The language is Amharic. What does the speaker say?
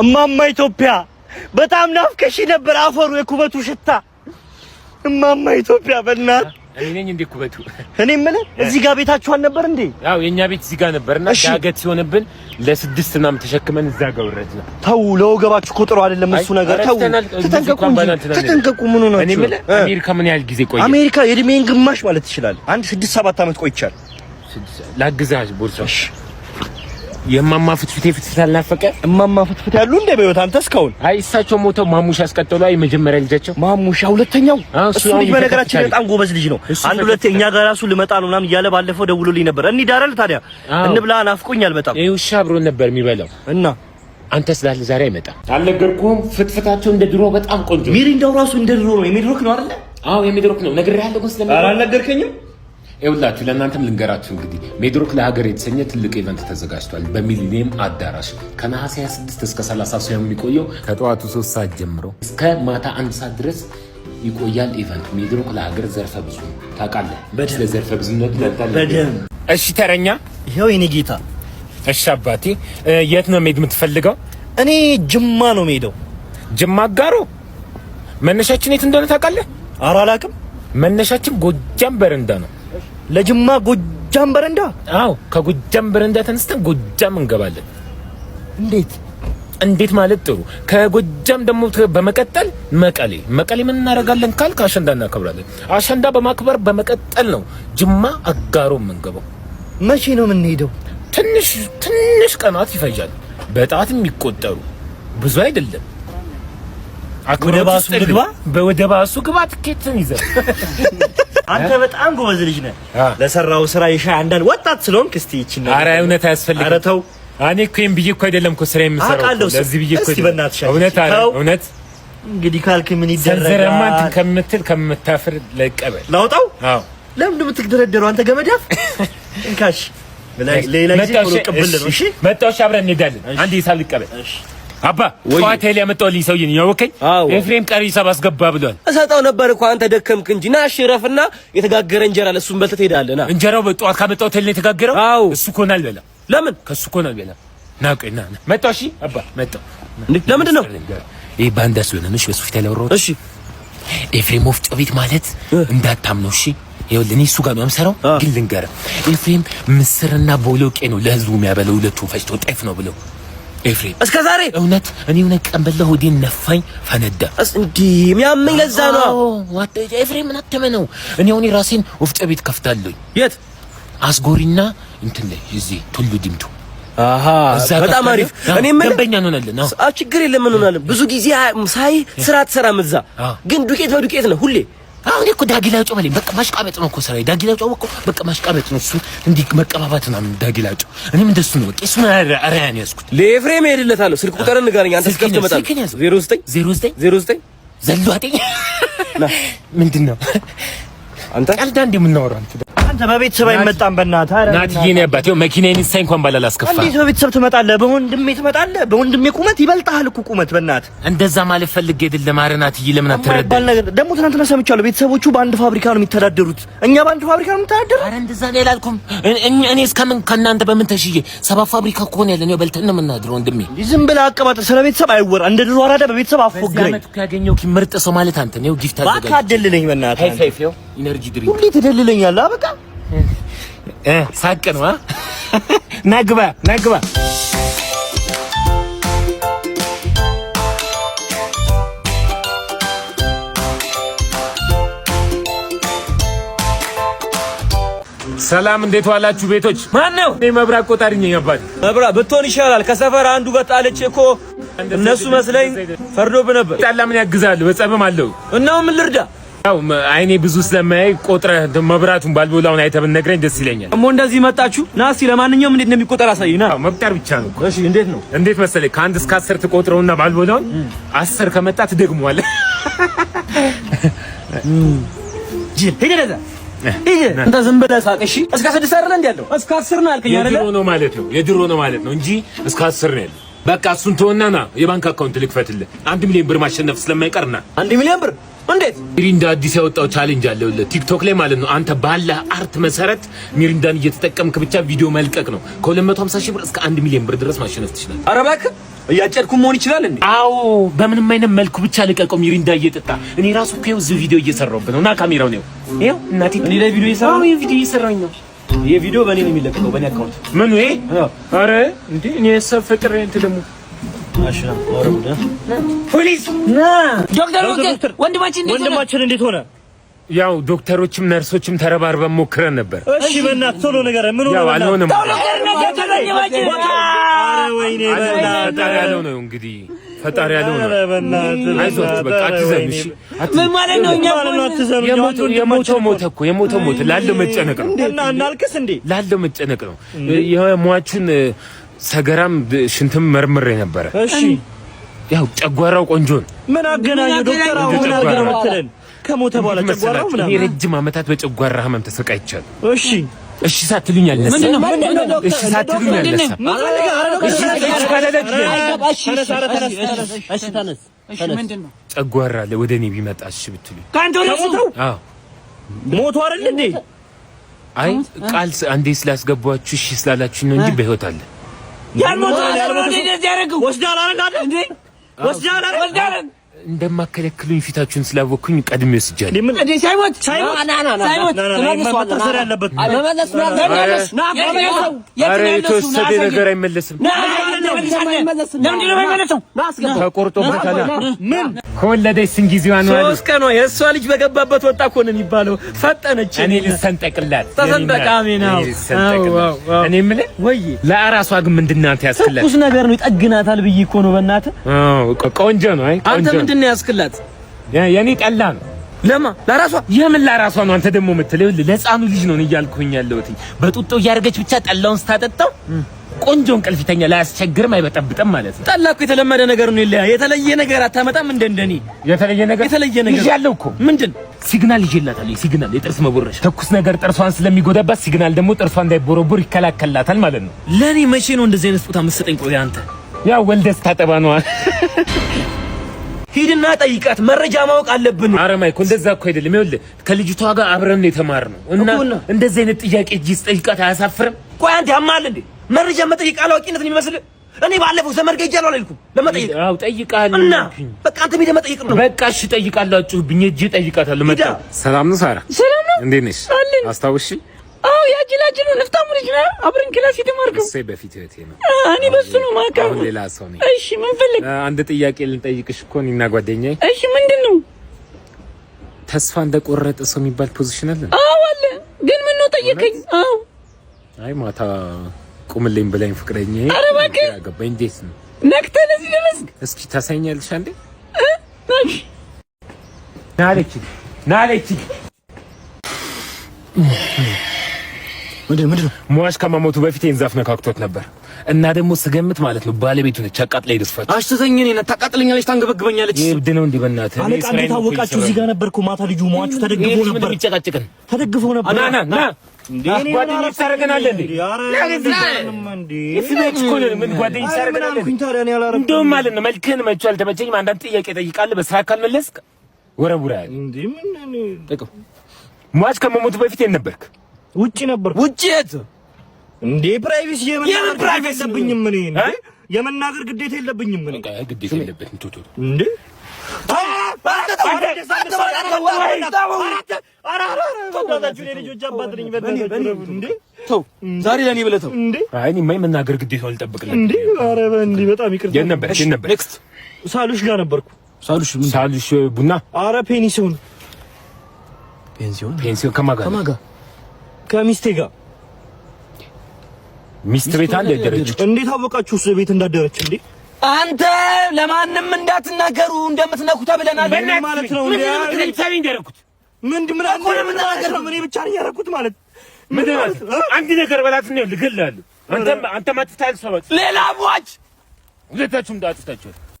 እማማ ኢትዮጵያ በጣም ናፍቀሽ ነበር። አፈሩ የኩበቱ ሽታ እማማ ኢትዮጵያ በእናት እኔ ነኝ እንዴ ኩበቱ? እኔ የምልህ እዚህ ጋር ቤታችሁ አልነበር እንዴ? ያው የኛ ቤት እዚህ ጋር ነበርና ዳገት ሲሆንብን ለስድስት ምናምን ተሸክመን እዛ ጋር ወረድን። ተው ለወገባችሁ እኮ ጥሩ አይደለም እሱ ነገር። ተው ተጠንቀቁ እንጂ ተጠንቀቁ። ምን ሆነ? እኔ የምልህ አሜሪካ ምን ያህል ጊዜ ቆየ? አሜሪካ የእድሜን ግማሽ ማለት ትችላለህ። አንድ ስድስት ሰባት አመት ቆይቻለሁ። ስድስት ላግዛህ ቦርሳሽ የማማ ፍትፍቴ ፍትፍት አልናፈቀ? እማማ ፍትፍት ያሉ እንደ በህይወት አንተ እስካሁን? አይ እሳቸው ሞተው ማሙሽ አስቀጠሉ። አይ መጀመሪያ ልጃቸው ማሙሽ ሁለተኛው እሱ ልጅ በነገራችን በጣም ጎበዝ ልጅ ነው። አንድ ሁለት እኛ ጋር ራሱ ልመጣ ነው ምናምን እያለ ባለፈው ደውሎልኝ ነበር። እኒ ዳረል ታዲያ እንብላ ናፍቆኛል በጣም። ይሄ ውሻ አብሮን ነበር የሚበላው እና አንተ ስላለ ዛሬ አይመጣም። አልነገርኩህም? ፍትፍታቸው እንደ ድሮ በጣም ቆንጆ። ሚሪንዳው ራሱ እንደ ድሮ ነው። የሚድሮክ ነው አይደለ? አዎ የሚድሮክ ነው። ነግሬሃለሁ ግን ስለሚ አልነገርከኝም ይኸውላችሁ ለእናንተም ልንገራችሁ እንግዲህ ሜድሮክ ለሀገር የተሰኘ ትልቅ ኢቨንት ተዘጋጅቷል። በሚሊኒየም አዳራሽ ከነሐሴ 26 እስከ 30 ሰው የሚቆየው ከጠዋቱ 3 ሰዓት ጀምሮ እስከ ማታ አንድ ሰዓት ድረስ ይቆያል። ኢቨንት ሜድሮክ ለሀገር ዘርፈ ብዙ ታውቃለህ። ስለ ዘርፈ ብዙነቱ እሺ፣ ተረኛ ይኸው የኔ ጌታ። እሺ አባቴ፣ የት ነው መሄድ የምትፈልገው? እኔ ጅማ ነው የምሄደው። ጅማ አጋሮ። መነሻችን የት እንደሆነ ታውቃለህ? አራላቅም መነሻችን ጎጃም በረንዳ ነው። ለጅማ ጎጃም በረንዳ? አዎ፣ ከጎጃም በረንዳ ተነስተን ጎጃም እንገባለን። እንዴት እንዴት ማለት ጥሩ። ከጎጃም ደግሞ በመቀጠል መቀሌ። መቀሌ ምን እናደርጋለን ካልክ አሸንዳ እናከብራለን። አሸንዳ በማክበር በመቀጠል ነው ጅማ አጋሮ የምንገባው። መቼ ነው የምንሄደው? ትንሽ ትንሽ ቀናት ይፈጃል። በጣት የሚቆጠሩ ብዙ አይደለም። ወደ ባሱ ልግባ፣ ወደ ባሱ ግባ፣ ትኬትን ይዘህ አንተ በጣም ጎበዝ ልጅ ነህ። ለሰራው ስራ ይሻ አንዳንድ ወጣት ስለሆንክ እስቲ ይችላል። ኧረ እውነት አያስፈልግም። ኧረ ተው። እኔ እኮ ይሄን ብዬ እኮ አይደለም እኮ ስራ የምሰራው ለዚህ ብዬ እኮ እውነት አለ እውነት እንግዲህ ካልክ ምን ይደረጋል? ሰንዘረማን ከምትል ከምታፍር ለቀበል ላውጣው። አዎ ለምን እንደምትደረደሩ አንተ ገመዳፍ እንካሽ ሌላ ጊዜ ቅብል ነው። እሺ መጣሁሽ፣ አብረን እንሄዳለን። አንድ ሂሳብ ልቀበል። እሺ አባ ጠዋት ሄል ያመጣሁልኝ ሰውዬ ነው ያወቀኝ። ኤፍሬም ቀሪ ሰብ አስገባ ብሏል። እሰጠው ነበር እኮ አንተ ደከምክ እንጂ ና ሽረፍና የተጋገረ እንጀራ ለእሱም በልተህ ትሄዳለህ። ና እንጀራው ጠዋት ካመጣሁት ሄል ነው የተጋገረው። እሱ እኮ ነው አልበላም። ለምን ከእሱ እኮ ነው አልበላም። ና ቆይ ና ና መጣሁ። እሺ አባ መጣሁ። ለምንድን ነው ይሄ ባንዳ ስለሆነ ነው። እሺ በሱ ፊት ያላወራሁት። እሺ ኤፍሬም ወፍጮ ቤት ማለት እንዳታምነው። እሺ ይኸውልህ እኔ እሱ ጋር ነው የምሰራው፣ ግን ልንገርህ ኤፍሬም ምስርና ቦሎቄ ነው ለህዝቡ የሚያበለው። ሁለቱም ፈጭቶ ጤፍ ነው ብለው ኤፍሬም እስከ ዛሬ እውነት እኔ እውነት ቀን በላሁ ወዲን ነፋኝ ፈነዳ። እንዲ የሚያመኝ ለዛ ነው። ዋት ኤፍሬም ምን ነው? እኔ አሁን ራሴን ወፍጮ ቤት ከፍታለሁ። የት አስጎሪና እንትን ላይ እዚህ ቱሉ ዲምቱ። አሃ በጣም አሪፍ። እኔ ምን ደንበኛ እንሆናለን። አዎ ችግር የለም እንሆናለን። ብዙ ጊዜ ሳይ ስራ ትሰራም እዛ፣ ግን ዱቄት በዱቄት ነው ሁሌ አሁን እኮ ዳጊላ ጮ በለኝ። በቃ ማሽቃበጥ ነው እኮ ስራዬ። ዳጊላ ጮ እኮ በቃ ማሽቃበጥ ነው። እሱ እንዲህ መቀባባት ነው ዳጊላ ጮ። እኔም እንደሱ ነው። በቃ እሱ አራያን ያዝኩት። ለኤፍሬም እሄድለታለሁ። ስልክ ቁጥርን ንገረኝ አንተ። ስልክ ትመጣለህ። 09 09 ዘሎ አጤ ምንድን ነው አንተ ቀልዳ እንደ አንተ አንተ በቤተሰብ አይመጣም። በእናትህ ናትዬ፣ አባት መኪናዬን ይሳይ እንኳን ባላል አስከፋ። እንዴት በቤተሰብ ትመጣለህ? በወንድሜ ትመጣለህ? በወንድሜ ቁመት ይበልጥሃል እኮ ቁመት። በእናትህ እንደዛ ማለት ፈልጌ አይደለም። ኧረ ናትዬ፣ ለምን አትረዳም? ደግሞ ትናንትና ሰምቻለሁ፣ ቤተሰቦቹ በአንድ ፋብሪካ ነው የሚተዳደሩት። እኛ በአንድ ፋብሪካ ነው የምንተዳደረው? ኧረ እንደዛ ነው ያላልኩም እኔ። እስከምን ከእናንተ በምን ተሽዬ? ሰባ ፋብሪካ እኮ ነው ያለን፣ በልተን ነው የምናድረው። ወንድሜ፣ ዝም ብለህ አቀባጥር። ስለ ቤተሰብ አይወራ። እንደ ድሮ አራዳ በቤተሰብ ያገኘው ምርጥ ሰው ማለት አንተ ነው። ጊፍት አዘጋጅ ኢነርጂ ድሪንክ ሁሌ ትደልለኛለህ። እ ሳቅ ነው። ናግባ ናግባ ሰላም እንዴት ዋላችሁ? ቤቶች ማን ነው? እኔ መብራት ቆጣሪ ነኝ። አባቴ መብራት ብትሆን ይሻላል። ከሰፈር አንዱ በጣለች እኮ እነሱ መስለኝ ፈርዶብህ ነበር። ጣላ ምን ያግዛል? በጸብም አለው እናው ምን ልርዳ ያው አይኔ ብዙ ስለማያይ ቆጥረ መብራቱን ባልበላውን አይተህ ብትነግረኝ ደስ ይለኛል። እሞ እንደዚህ መጣችሁ ና ለማንኛውም እንዴት እንደሚቆጠር አሳይ ና። መቁጠር ብቻ ነው። እሺ እንዴት ነው? እንዴት መሰለህ ከአንድ እስከ አስር ትቆጥረውና ባልበላውን አስር ከመጣ ትደግመዋለህ። ሂድ ወደ እዛ ዝም ብለህ ሳቅ እሺ። እስከ ስድስት አይደለ እንዲ ያለው እስከ አስር ነው ያልከኝ አይደለ? የድሮ ነው ማለት ነው። የድሮ ነው ማለት ነው እንጂ እስከ አስር ነው ያለው በቃ እሱን ተወናና የባንክ አካውንት ልክፈትልህ። አንድ ሚሊዮን ብር ማሸነፍ ስለማይቀርና አንድ ሚሊዮን ብር እንዴት ሚሪንዳ አዲስ ያወጣው ቻሌንጅ አለ። ቲክቶክ ላይ ማለት ነው። አንተ ባለ አርት መሰረት ሚሪንዳን እየተጠቀምክ ብቻ ቪዲዮ መልቀቅ ነው። ከ250 ሺህ ብር እስከ አንድ ሚሊዮን ብር ድረስ ማሸነፍ ትችላለህ። ኧረ እባክህ እያጨድኩ መሆን ይችላል እንዴ? አዎ፣ በምንም አይነት መልኩ ብቻ ልቀቀው። ሚሪንዳ እየጠጣ እኔ ራሱ እኮ ይኸው እዚህ ቪዲዮ እየሰራሁበት ነው። ና ካሜራው ነው። ይኸው እናቴ እኔ ላይ ቪዲዮ እየሰራሁ ነው። ይሄ ቪዲዮ በእኔ ነው የሚለቀቀው፣ በእኔ አካውንት። ምን ይሄ? አረ እንዴ! እኔ ሰብ ፍቅር እንት ደሙ ደግሞ ፖሊስ ና ዶክተር፣ ወንድማችን እንዴት ሆነ? ያው ዶክተሮችም ነርሶችም ተረባርበን ሞክረን ነበር። እሺ፣ በእናትህ ቶሎ ነገር ምን ሆነ? አልሆነም። ወይኔ በእናትህ ነው እንግዲህ ፈጣሪ ያለው ነው። አይዞህ በቃ አትዘንሽ። ምን ማለት ነው? እኛ የሞተው ሞተ እኮ የሞተው ሞተ። ላለው መጨነቅ ነው። እና እናልቅስ እንዴ? ላለው መጨነቅ ነው። የሟቹን ሰገራም ሽንትም መርምሬ ነበረ። እሺ ያው ጨጓራው ቆንጆ ነው። ምን አገናኘ ዶክተር? አሁን አገናኘ ከሞተ በኋላ ጨጓራው ምናምን ረጅም ዓመታት በጨጓራ ህመም ተሰቃይቻለሁ። እሺ እሺ ሳትሉኝ እሺ ወደ እኔ ቢመጣ እሺ ብትሉኝ ሞቶ አይደል እንዴ? አይ ቃል አንዴ ስላስገባችሁ እሺ ስላላችሁ ነው እንጂ በህይወት አለ። ያልሞተ ያልሞተ ወስዳል አረጋለ እንዴ? ወስዳል አረጋለ እንደማከለክሉኝ ፊታችሁን ስላወኩኝ ቀድሜ ወስጃለሁ። ሳይሞት የተወሰደ ነገር አይመለስም። ተቆርጦበታል። ምን ከወለደች ጊዜዋ ነው? ሦስት ቀን የእሷ ልጅ በገባበት ወጣ እኮ ነው የሚባለው። ፈጠነች። እኔ ልሰንጠቅላት እኔ የምልህ ወይ ለእራሷ ግን ምንድን ነው አንተ ያስክላት? ትኩስ ነገር ነው ይጠግናታል ብዬሽ እኮ ነው። በእናትህ ቆንጆ ነው። አይ ቆንጆ ምንድን ነው ያስክላት? የኔ ጠላ ነው። ለማ ለራሷ የምን ለራሷ ነው? አንተ ደግሞ የምትለው ለሕፃኑ ልጅ ነው እያልኩኝ ያለሁት። በጡጦ እያደረገች ብቻ ጠላውን ስታጠጣው ቆንጆ እንቅልፍ ይተኛ አያስቸግርም፣ አይበጠብጥም ማለት ነው። ጠላ እኮ የተለመደ ነገር ነው። ይለያ የተለየ ነገር አታመጣም። እንደ እንደኔ የተለየ ነገር የተለየ ነገር ያለው እኮ ምንድን ሲግናል ይዤላታል። ሲግናል የጥርስ መቦረሽ ተኩስ ነገር ጥርሷን ስለሚጎዳባት ሲግናል ደግሞ ጥርሷ እንዳይቦረቦር ይከላከላታል ማለት ነው። ለኔ መቼ ነው እንደዚህ አይነት ስጦታ መሰጠኝ? ቆይ አንተ ያው ወልደስ ታጠባ ነዋ ሂድና ጠይቃት። መረጃ ማወቅ አለብን። ኧረ ማይኮ እንደዛ እኮ አይደለም። ይኸውልህ ከልጅቷ ጋር አብረን የተማርነው እና እንደዚህ አይነት ጥያቄ እጅስ ጠይቃት። አያሳፍርም? ቆይ አንተ ያማል እንዴ? መረጃ መጠየቅ አላዋቂነት የሚመስል እኔ ባለፈው ዘመድ ጋር ሄጃለሁ አላልኩም? ለመጠየቅ አዎ፣ ጠይቃለሁ እና በቃ አንተ ሄደህ መጠየቅ ነው። በቃ እሺ፣ ጠይቃላችሁ አጭሁብኝ እጄ ጠይቃታለሁ። መጣ። ሰላም ነው ሳራ? ሰላም ነው። እንዴት ነሽ? አስታውሽ ነው ያጅላጅሉ ንፍታሙ ልጅ ነው። አብረን ክላስ የተማርከው እሴ በፊት እህቴ ነው። እኔ በሱ ነው ማውቀው። አሁን ሌላ ሰው ነኝ። እሺ ምን ፈልግ? አንድ ጥያቄ ልንጠይቅሽ እኮ እኔ ጓደኛዬ። እሺ ምንድን ነው? ተስፋ እንደቆረጠ ሰው የሚባል ፖዚሽን አለ? አዎ አለ። ግን ምን ነው ጠየቀኝ? አዎ አይ ማታ ቁምልኝ ብለኝ ፍቅረኛዬ። ኧረ እባክህ ገባኝ። እንዴት ነው ነክተህ ለዚህ ድረስ? እስኪ ታሳይኛለሽ አንዴ? እሺ ናለች ናለች ሙያሽ ከመሞቱ በፊት ይህን ዛፍ ነካክቶት ነበር እና ደግሞ ስገምት ማለት ነው ባለቤቱ ነች። አቃጥላ ይደስፋች አሽተዘኝ እኔ ታቃጥለኛለች፣ ታንገበግበኛለች። ይብድ ነው እንዴ በእናትህ። አለቃ እንደታወቃችሁ እዚህ ጋር ነበርኩ ማታ። ልጁ ሟቹ ተደግፎ ነበር፣ ተደግፎ ነበር። ና ና ጓደኞች ማለት ነው። ጥያቄ በስራ ካልመለስክ ወረቡራ ሟች ከመሞቱ በፊት የት ነበርክ? ውጪ ነበር። ውጪ የት እንዴ? ፕራይቬሲ የምን ፕራይቬሲ የለብኝም ምን እንዴ? የመናገር ግዴታ የለብኝም ምን ግዴታ የለብኝም ቶቶ እንዴ ዛሬ ለኔ ብለህ ተው አይ እኔማ የመናገር ግዴታው አልጠብቅልህ እንዴ? ኧረ በእንዲህ በጣም ይቅርታ። የት ነበር? የት ነበር? ኔክስት ሳሉሽ ጋር ነበርኩ። ሳሉሽ ሳሉሽ ቡና። ኧረ ፔኒሲዮን ፔንሲዮን ፔንሲዮን ከማን ጋር ከማን ጋር ከሚስቴ ጋር ሚስት ቤት አለ ያደረች። እንዴት አወቃችሁ እሱ ቤት እንዳደረች? እንዴ አንተ ለማንም እንዳትናገሩ እንደምትነኩ ተብለናል። ምን ማለት ነው? እንዴ ምን ምን ምን ነገር ብቻ ነኝ ያረኩት ማለት ምን ማለት ነው? አንድ ነገር በላት ነው ልገልላለሁ። አንተ አንተ ማትታል ሰው ሌላ ሟች ሁለታችሁም እንዳጥፋታችሁ